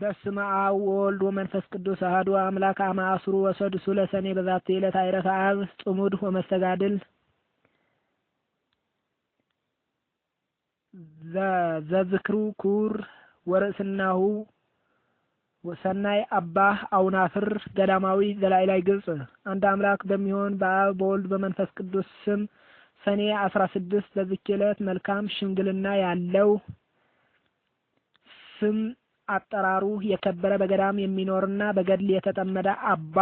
በስመ አብ ወወልድ ወመንፈስ ቅዱስ አህዱ አምላክ አመ ወሰዱ ሱለ ሰኔ በዛቲ ዕለት አይረፈ አብ ጽሙድ ወመስተጋድል ዘዝክሩ ኩር ወርእስናሁ ሰናይ አባ አውናፍር ገዳማዊ ዘላዕላይ ግብጽ። አንድ አምላክ በሚሆን በአብ በወልድ በመንፈስ ቅዱስ ስም ሰኔ አስራ ስድስት በዚች ዕለት መልካም ሽምግልና ያለው ስም አጠራሩ የከበረ በገዳም የሚኖርና በገድል የተጠመደ አባ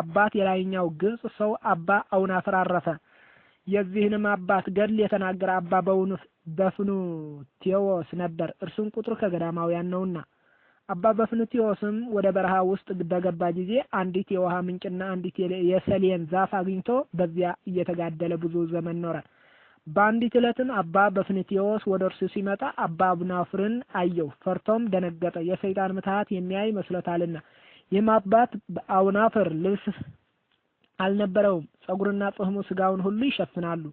አባት የላይኛው ግብጽ ሰው አባ አውናፍር አረፈ። የዚህንም አባት ገድል የተናገረ አባ በውኑ በፍኑ ቴዎስ ነበር። እርሱም ቁጥሩ ከገዳማውያን ነውና አባ በፍኑ ቴዎስም ወደ በረሃ ውስጥ በገባ ጊዜ አንዲት የውሃ ምንጭና አንዲት የሰሌን ዛፍ አግኝቶ በዚያ እየተጋደለ ብዙ ዘመን ኖረ። በአንዲት ዕለትም አባ በፍንትዮስ ወደ እርሱ ሲመጣ አባ አቡናፍርን አየው፣ ፈርቶም ደነገጠ፣ የሰይጣን ምትሃት የሚያይ መስሎታልና ይህም አባት አቡናፍር ልብስ አልነበረውም፣ ጸጉርና ጽሕሙ ስጋውን ሁሉ ይሸፍናሉ።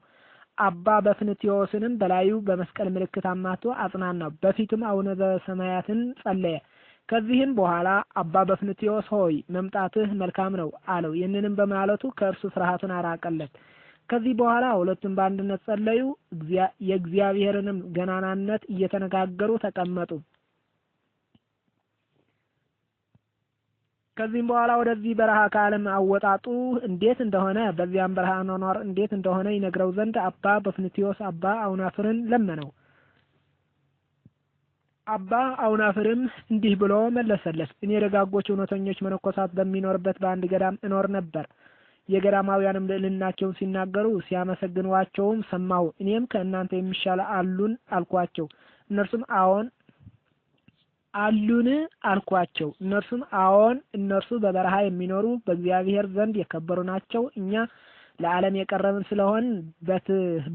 አባ በፍንትዮስንም በላዩ በመስቀል ምልክት አማቶ አጽናናው። በፊቱም አቡነ ዘበሰማያትን ጸለየ። ከዚህም በኋላ አባ በፍንትዮስ ሆይ መምጣትህ መልካም ነው አለው። ይህንንም በማለቱ ከእርሱ ፍርሃቱን አራቀለት። ከዚህ በኋላ ሁለቱም በአንድነት ጸለዩ፣ የእግዚአብሔርንም ገናናነት እየተነጋገሩ ተቀመጡ። ከዚህም በኋላ ወደዚህ በረሃ ከዓለም አወጣጡ እንዴት እንደሆነ በዚያም በረሃ አኗኗር እንዴት እንደሆነ ይነግረው ዘንድ አባ በፍንቲዮስ አባ አውናፍርን ለመነው። አባ አውናፍርም እንዲህ ብሎ መለሰለት። እኔ ደጋጎች እውነተኞች መነኮሳት በሚኖርበት በአንድ ገዳም እኖር ነበር። የገዳማውያንም ልዕልናቸውን ሲናገሩ ሲያመሰግኗቸውም ሰማሁ። እኔም ከእናንተ የሚሻለ አሉን አልኳቸው። እነርሱም አዎን አሉን አልኳቸው። እነርሱም አዎን፣ እነርሱ በበረሃ የሚኖሩ በእግዚአብሔር ዘንድ የከበሩ ናቸው። እኛ ለዓለም የቀረብን ስለሆን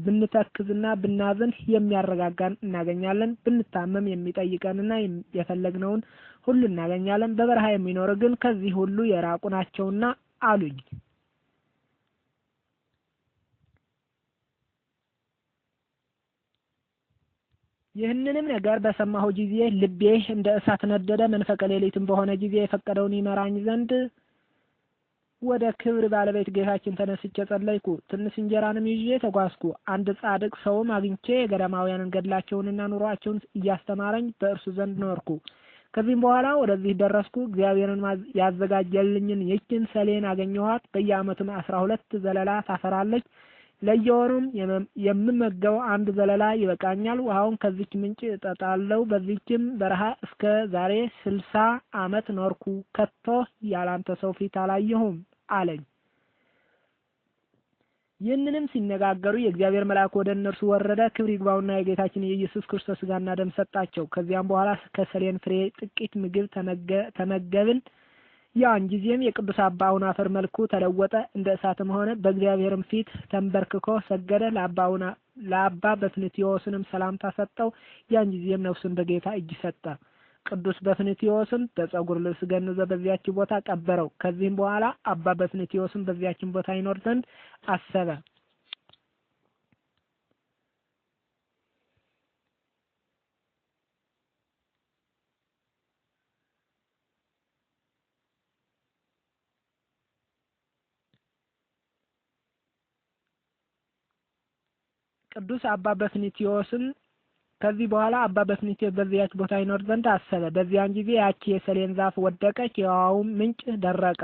ብንተክዝና ብናዝን የሚያረጋጋን እናገኛለን። ብንታመም የሚጠይቀንና የፈለግነውን ሁሉ እናገኛለን። በበረሃ የሚኖሩ ግን ከዚህ ሁሉ የራቁ ናቸውና አሉኝ። ይህንንም ነገር በሰማሁ ጊዜ ልቤ እንደ እሳት ነደደ። መንፈቀ ሌሊትም በሆነ ጊዜ የፈቀደውን ይመራኝ ዘንድ ወደ ክብር ባለቤት ጌታችን ተነስቼ ጸለይኩ። ትንሽ እንጀራንም ይዤ ተጓዝኩ። አንድ ጻድቅ ሰውም አግኝቼ የገዳማውያንን ገድላቸውንና ኑሯቸውን እያስተማረኝ በእርሱ ዘንድ ኖርኩ። ከዚህም በኋላ ወደዚህ ደረስኩ። እግዚአብሔርን ያዘጋጀልኝን ይችን ሰሌን አገኘኋት። በየዓመቱም አስራ ሁለት ዘለላ ታፈራለች። ለየወሩም የምመገው አንድ ዘለላ ይበቃኛል። ውሃውን ከዚች ምንጭ እጠጣለሁ። በዚችም በረሃ እስከ ዛሬ ስልሳ ዓመት ኖርኩ፣ ከቶ ያላንተ ሰው ፊት አላየሁም አለኝ። ይህንንም ሲነጋገሩ የእግዚአብሔር መልአክ ወደ እነርሱ ወረደ። ክብር ይግባውና የጌታችን የኢየሱስ ክርስቶስ ሥጋና ደም ሰጣቸው። ከዚያም በኋላ ከሰሌን ፍሬ ጥቂት ምግብ ተመገብን። ያን ጊዜም የቅዱስ አባ አፈር መልኩ ተለወጠ፣ እንደ እሳትም ሆነ። በእግዚአብሔርም ፊት ተንበርክኮ ሰገደ። ለአባውና ለአባ በፍንትዮስንም ሰላምታ ሰጠው። ያን ጊዜም ነፍሱን በጌታ እጅ ሰጠ። ቅዱስ በፍንትዮስን በጸጉር ልብስ ገንዘ በዚያች ቦታ ቀበረው። ከዚህም በኋላ አባ በፍንትዮስን በዚያችን ቦታ ይኖር ዘንድ አሰበ። ቅዱስ አባ በስኒቲዮስም ከዚህ በኋላ አባ በስኒቲዮስ በዚያች ቦታ ይኖር ዘንድ አሰበ። በዚያን ጊዜ ያቺ የሰሌን ዛፍ ወደቀች፣ የውሃውም ምንጭ ደረቀ።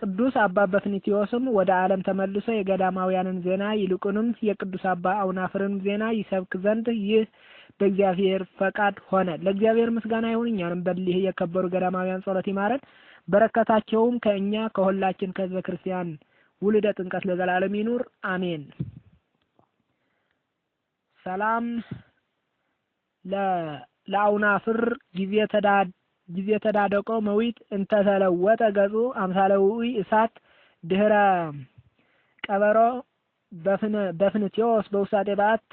ቅዱስ አባ በስኒቲዮስም ወደ ዓለም ተመልሶ የገዳማውያንን ዜና ይልቁንም የቅዱስ አባ አውናፍርን ዜና ይሰብክ ዘንድ ይህ በእግዚአብሔር ፈቃድ ሆነ። ለእግዚአብሔር ምስጋና ይሁን፣ እኛንም በሊህ የከበሩ ገዳማውያን ጸሎት ይማረን። በረከታቸውም ከእኛ ከሁላችን ከህዝበ ክርስቲያን ውልደ ጥምቀት ለዘላለም ይኑር አሜን። ሰላም ለአውናፍር ጊዜ ተዳደቆ መዊት እንተተለወጠ ገጹ አምሳለዊ እሳት ድህረ ቀበሮ በፍንትዮስ በውሳጤ በዓት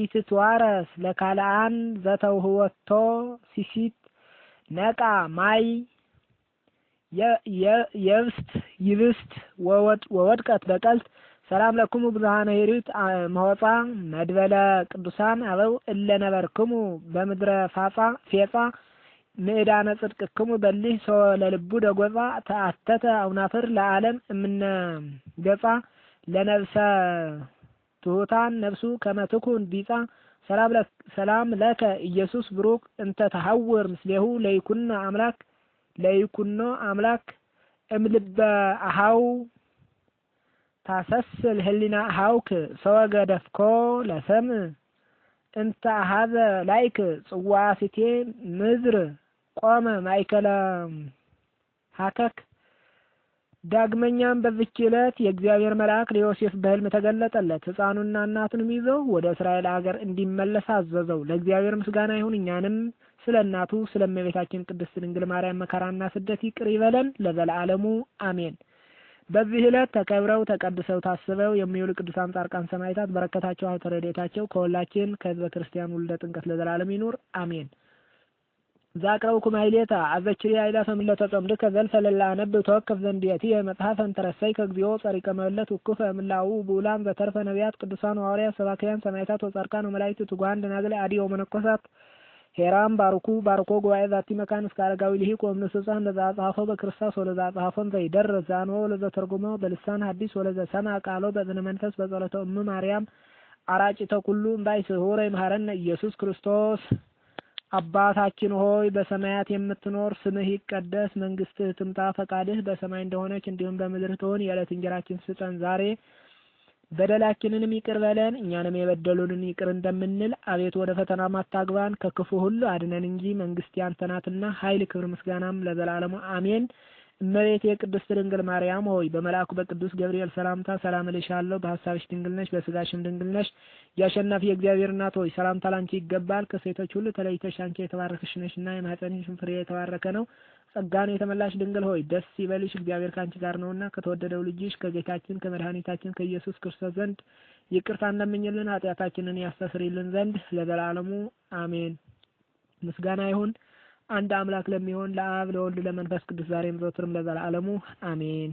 ኢትትዋረስ ለካልአን ዘተውህወቶ ሲሲት ነቃ ማይ የብስት ይብስት ወወድቀት በቀልት ሰላም ለክሙ ብርሃነ ሄሪት መሆፃ መድበለ ቅዱሳን አበው እለነበርክሙ በምድረ ፋፃ ፌፃ ምዕዳነ ጽድቅክሙ በሊህ ሰው ለልቡ ደጎፃ ተአተተ አውናፍር ለዓለም እምነ ገፃ ለነብሰ ትሁታን ነብሱ ከመትኩን ቢፃ ሰላም ለከ ኢየሱስ ብሩክ እንተ ተሐውር ምስሌሁ ለይኩና አምላክ ለይኩኖ አምላክ እምልበ አሃው ታሰስል ህሊና ሃውክ ሰወገደፍኮ ለሰም እንተ ሀዘ ላይክ ጽዋ ሲቴ ምድር ቆመ ማይከለ ሀከክ። ዳግመኛም በዚች ዕለት የእግዚአብሔር መልአክ ለዮሴፍ በህልም ተገለጠለት። ሕፃኑና እናቱንም ይዘው ወደ እስራኤል አገር እንዲመለስ አዘዘው። ለእግዚአብሔር ምስጋና ይሁን። እኛንም ስለ እናቱ ስለ እመቤታችን ቅድስት ድንግል ማርያም መከራና ስደት ይቅር ይበለን ለዘላለሙ አሜን። በዚህ ዕለት ተከብረው ተቀድሰው ታስበው የሚውሉ ቅዱሳን ጻድቃን ሰማዕታት በረከታቸው ሀብተ ረድኤታቸው ከሁላችን ከሕዝበ ክርስቲያን ውልደ ጥምቀት ለዘላለም ይኑር አሜን። ዛቅረው ኩማይሌታ አዘችሪ አይላ ሰምለ ጾምድከ ዘልፈ ለላ ነብ ተወከፍ ዘንድ ዘንድየትየ መጽሐፈን ተረሳይ ከእግዚኦ ጸሪቀ መለት ውኩፈ ምላው ብላን ዘተርፈ ነቢያት ቅዱሳን ሐዋርያት ሰባክያን ሰማዕታት ወጻድቃን ወመላእክት ትጉሃን ደናግል አዲ ወመነኮሳት ሄራም ባርኩ ባርኮ ጉባኤ ዛቲ መካን እስከ አረጋዊ ልሂቅ ወምንስሳን ለዛ ጻፈው በክርስቶስ ወለዛ ጻፈን ዘይደር ዛኖ ወለዘ ተርጉሞ በልሳን ሐዲስ ወለዘ ሰማ ቃሎ በዝነ መንፈስ በጸሎተ እም ማርያም አራጭ ተኩሉ እምባይ ስሁረ ይምሃረነ ኢየሱስ ክርስቶስ። አባታችን ሆይ በሰማያት የምትኖር ስምህ ይቀደስ፣ መንግስትህ ትምጣ፣ ፈቃድህ በሰማይ እንደሆነች እንዲሁም በምድር ትሁን። የዕለት እንጀራችን ስጠን ዛሬ በደላችንንም ይቅር በለን እኛንም የበደሉንን ይቅር እንደምንል፣ አቤት ወደ ፈተና ማታግባን ከክፉ ሁሉ አድነን እንጂ መንግስት ያንተ ናትና ኃይል፣ ክብር፣ ምስጋናም ለዘላለሙ አሜን። እመቤት የቅድስት ድንግል ማርያም ሆይ በመልአኩ በቅዱስ ገብርኤል ሰላምታ ሰላም እልሻለሁ። በሀሳብሽ ድንግል ነሽ፣ በስጋሽም ድንግል ነሽ። የአሸናፊ የእግዚአብሔር እናት ሆይ ሰላምታ ላንቺ ይገባል። ከሴቶች ሁሉ ተለይተሽ አንቺ የተባረክሽ ነሽና የማኅፀንሽም ፍሬ የተባረከ ነው። ጸጋን የተመላሽ ድንግል ሆይ ደስ ይበልሽ፣ እግዚአብሔር ከአንቺ ጋር ነውና ከተወደደው ልጅሽ ከጌታችን ከመድኃኒታችን ከኢየሱስ ክርስቶስ ዘንድ ይቅርታ ለምኝልን፣ ኃጢአታችንን ያስተስርይልን ዘንድ ለዘላለሙ አሜን። ምስጋና ይሁን አንድ አምላክ ለሚሆን ለአብ ለወልድ ለመንፈስ ቅዱስ ዛሬም ዘወትርም ለዘላለሙ አሜን።